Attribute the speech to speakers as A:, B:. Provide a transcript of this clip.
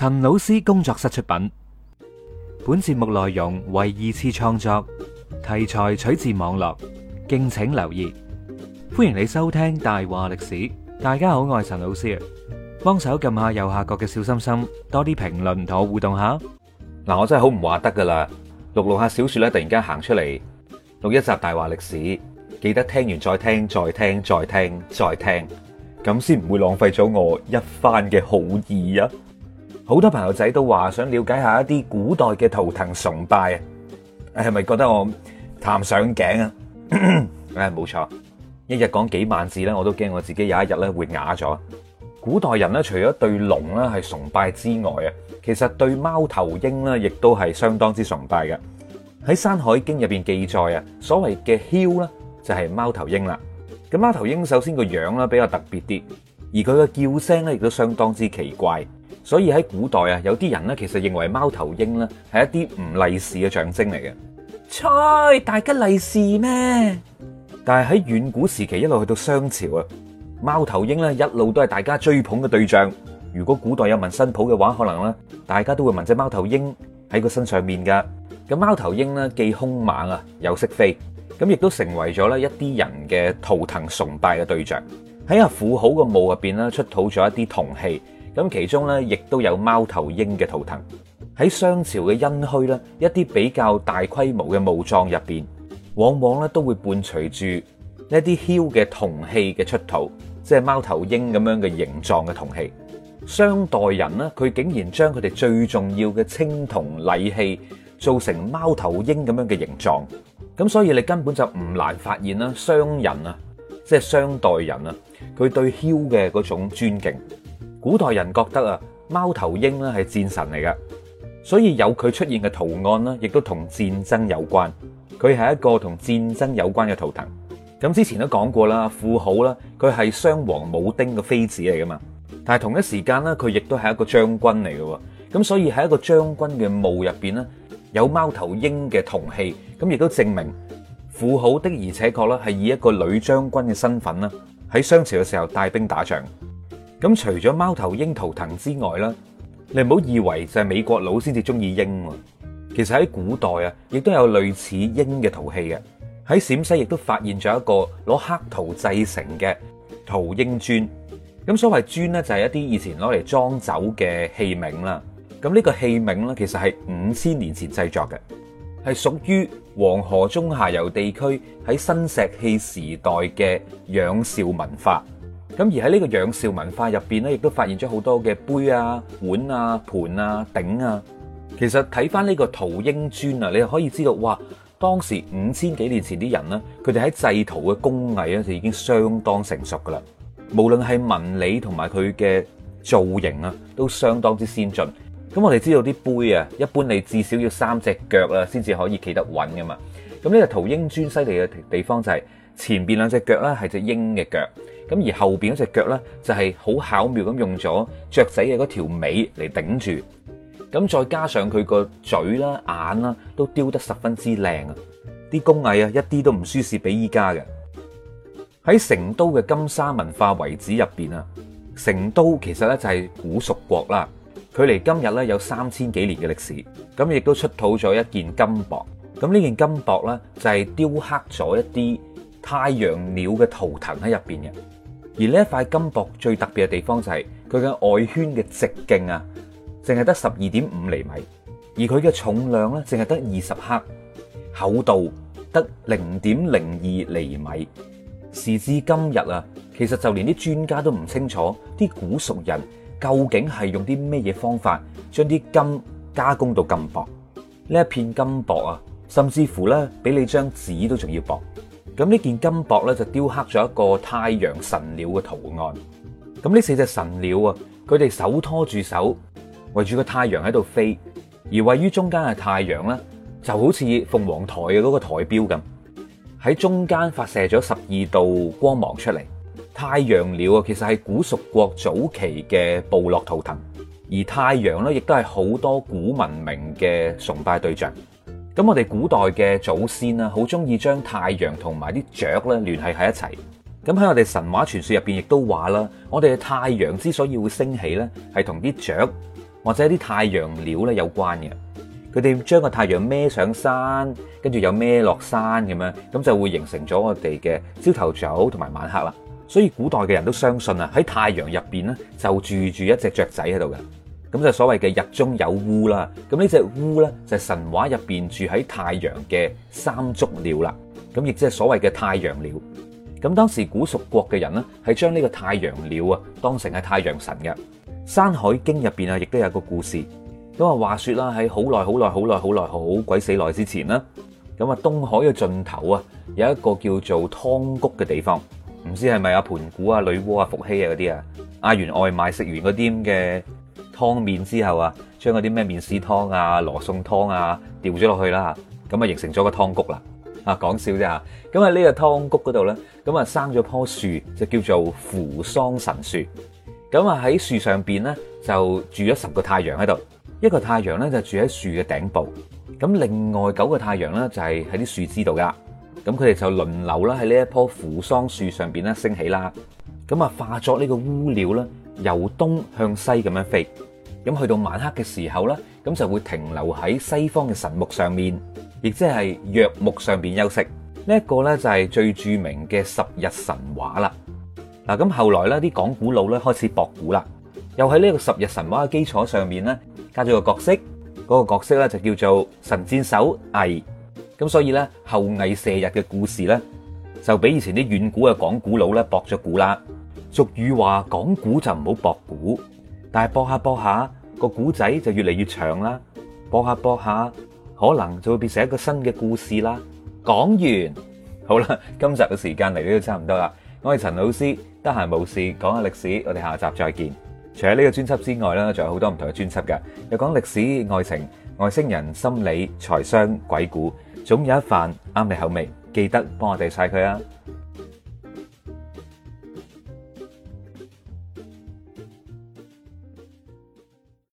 A: 陳老師工作室出品，本節目內容為二次創作，題材取自網絡，敬請留意。歡迎你收聽《大話歷史》。大家好，我係陳老師啊，幫手撳下右下角嘅小心心，多啲評論同我互動下嗱。啊，我真係好唔話得噶啦，錄錄下小說咧，突然間行出嚟錄一集《大話歷史》，記得聽完再聽，再聽，再聽，再聽，咁先唔會浪費咗我一番嘅好意啊。好多朋友仔都話想了解下一啲古代嘅圖騰崇拜啊，係咪覺得我談上頸啊？誒，冇 錯，一日講幾萬字咧，我都驚我自己有一日咧會啞咗。古代人咧，除咗對龍咧係崇拜之外啊，其實對貓頭鷹咧，亦都係相當之崇拜嘅。喺《山海經》入邊記載啊，所謂嘅梟咧，就係貓頭鷹啦。咁貓頭鷹首先個樣咧比較特別啲，而佢嘅叫聲咧亦都相當之奇怪。所以喺古代啊，有啲人呢，其實認為貓頭鷹呢，係一啲唔利是嘅象徵嚟嘅，猜大吉利是咩？但係喺遠古時期一路去到商朝啊，貓頭鷹呢，一路都係大家追捧嘅對象。如果古代有問新抱嘅話，可能呢，大家都會問隻貓頭鷹喺佢身上面㗎？咁貓頭鷹呢，既兇猛啊，又識飛，咁亦都成為咗呢一啲人嘅圖騰崇拜嘅對象。喺啊婦好嘅墓入邊呢，出土咗一啲銅器。咁其中咧，亦都有貓頭鷹嘅圖騰。喺商朝嘅殷墟咧，一啲比較大規模嘅墓葬入邊，往往咧都會伴隨住一啲鴞嘅銅器嘅出土，即係貓頭鷹咁樣嘅形狀嘅銅器。商代人咧，佢竟然將佢哋最重要嘅青銅禮器做成貓頭鷹咁樣嘅形狀，咁所以你根本就唔難發現啦，商人啊，即係商代人啊，佢對鴞嘅嗰種尊敬。古代人覺得啊，貓頭鷹咧係戰神嚟嘅，所以有佢出現嘅圖案咧，亦都同戰爭有關。佢係一個同戰爭有關嘅圖騰。咁之前都講過啦，婦好啦，佢係商王武丁嘅妃子嚟噶嘛。但係同一時間咧，佢亦都係一個將軍嚟嘅。咁所以喺一個將軍嘅墓入邊咧，有貓頭鷹嘅銅器，咁亦都證明婦好的而且確啦係以一個女將軍嘅身份啦，喺商朝嘅時候帶兵打仗。咁除咗貓頭鷹圖騰之外啦，你唔好以為就係美國佬先至中意鷹喎，其實喺古代啊，亦都有類似鷹嘅陶器嘅。喺陝西亦都發現咗一個攞黑陶製成嘅陶鷹尊。咁所謂尊咧，就係一啲以前攞嚟裝酒嘅器皿啦。咁呢個器皿咧，其實係五千年前製作嘅，係屬於黃河中下游地區喺新石器時代嘅仰韶文化。咁而喺呢個仰韶文化入面，呢亦都發現咗好多嘅杯啊、碗啊、盤啊、鼎啊。其實睇翻呢個陶鷹鼎啊，你就可以知道，哇！當時五千幾年前啲人呢，佢哋喺製陶嘅工藝咧就已經相當成熟噶啦。無論係紋理同埋佢嘅造型啊，都相當之先進。咁我哋知道啲杯啊，一般你至少要三隻腳啊先至可以企得穩噶嘛。咁呢個陶鷹鼎犀利嘅地方就係、是。前邊兩隻腳咧係隻鷹嘅腳，咁而後邊嗰隻腳咧就係好巧妙咁用咗雀仔嘅嗰條尾嚟頂住，咁再加上佢個嘴啦、眼啦都雕得十分之靚啊！啲工藝啊一啲都唔輸蝕俾依家嘅。喺成都嘅金沙文化遺址入邊啊，成都其實咧就係古蜀國啦，佢離距離今日咧有三千幾年嘅歷史，咁亦都出土咗一件金箔。咁呢件金箔咧就係雕刻咗一啲。太陽鳥嘅圖騰喺入邊嘅，而呢一塊金箔最特別嘅地方就係佢嘅外圈嘅直徑啊，淨係得十二點五厘米，而佢嘅重量呢，淨係得二十克，厚度得零點零二厘米。時至今日啊，其實就連啲專家都唔清楚啲古蜀人究竟係用啲咩嘢方法將啲金加工到咁薄，呢一片金箔啊，甚至乎呢，比你張紙都仲要薄。咁呢件金箔咧，就雕刻咗一個太陽神鳥嘅圖案。咁呢四隻神鳥啊，佢哋手拖住手，圍住個太陽喺度飛。而位於中間嘅太陽咧，就好似鳳凰台嘅嗰個台標咁，喺中間發射咗十二道光芒出嚟。太陽鳥啊，其實係古蜀國早期嘅部落圖騰，而太陽咧亦都係好多古文明嘅崇拜對象。咁我哋古代嘅祖先啊，好中意將太陽同埋啲雀咧聯繫喺一齊。咁喺我哋神話傳說入邊，亦都話啦，我哋嘅太陽之所以會升起咧，係同啲雀或者啲太陽鳥咧有關嘅。佢哋將個太陽孭上山，跟住又孭落山咁樣，咁就會形成咗我哋嘅朝頭早同埋晚黑啦。所以古代嘅人都相信啊，喺太陽入邊咧就住住一隻雀仔喺度嘅。咁就所謂嘅日中有烏啦。咁呢隻烏呢，就神話入面住喺太陽嘅三足鳥啦。咁亦即係所謂嘅太陽鳥。咁當時古蜀國嘅人呢，係將呢個太陽鳥啊當成係太陽神嘅。《山海經》入面啊，亦都有個故事。咁啊，話說啦，喺好耐、好耐、好耐、好耐、好鬼死耐之前啦，咁啊，東海嘅盡頭啊有一個叫做湯谷嘅地方，唔知係咪啊盤古啊、女媧啊、伏羲啊嗰啲啊，嗌完外賣食完嗰啲咁嘅。湯麵之後啊，將嗰啲咩麵豉湯啊、羅宋湯啊掉咗落去啦，咁啊形成咗個湯谷啦。啊，講笑啫吓。咁啊呢個湯谷嗰度呢，咁啊生咗棵樹，就叫做扶桑神樹。咁啊喺樹上邊呢，就住咗十個太陽喺度，一個太陽呢，就住喺樹嘅頂部，咁另外九個太陽呢，就係喺啲樹枝度噶。咁佢哋就輪流啦喺呢一棵扶桑樹上邊咧升起啦。咁啊化作呢個烏鳥啦，由東向西咁樣飛。咁去到晚黑嘅時候呢，咁就會停留喺西方嘅神木上面，亦即係藥木上邊休息。呢、這、一個呢就係最著名嘅十日神話啦。嗱，咁後來呢啲講古佬呢，開始博古啦，又喺呢個十日神話嘅基礎上面呢，加咗個角色，嗰、那個角色呢，就叫做神箭手羿。咁所以呢，后羿射日嘅故事呢，就比以前啲遠古嘅講古佬呢，博咗古啦。俗語話講古就唔好博古，但係博下博下，個故仔就越嚟越長啦，播下播下，可能就會變成一個新嘅故事啦。講完好啦，今集嘅時間嚟到都差唔多啦。我係陳老師，得閒冇事講下歷史，我哋下集再見。除咗呢個專輯之外咧，仲有好多唔同嘅專輯嘅，有講歷史、愛情、外星人、心理、財商、鬼故，總有一瓣啱你口味。記得幫我哋晒佢啊！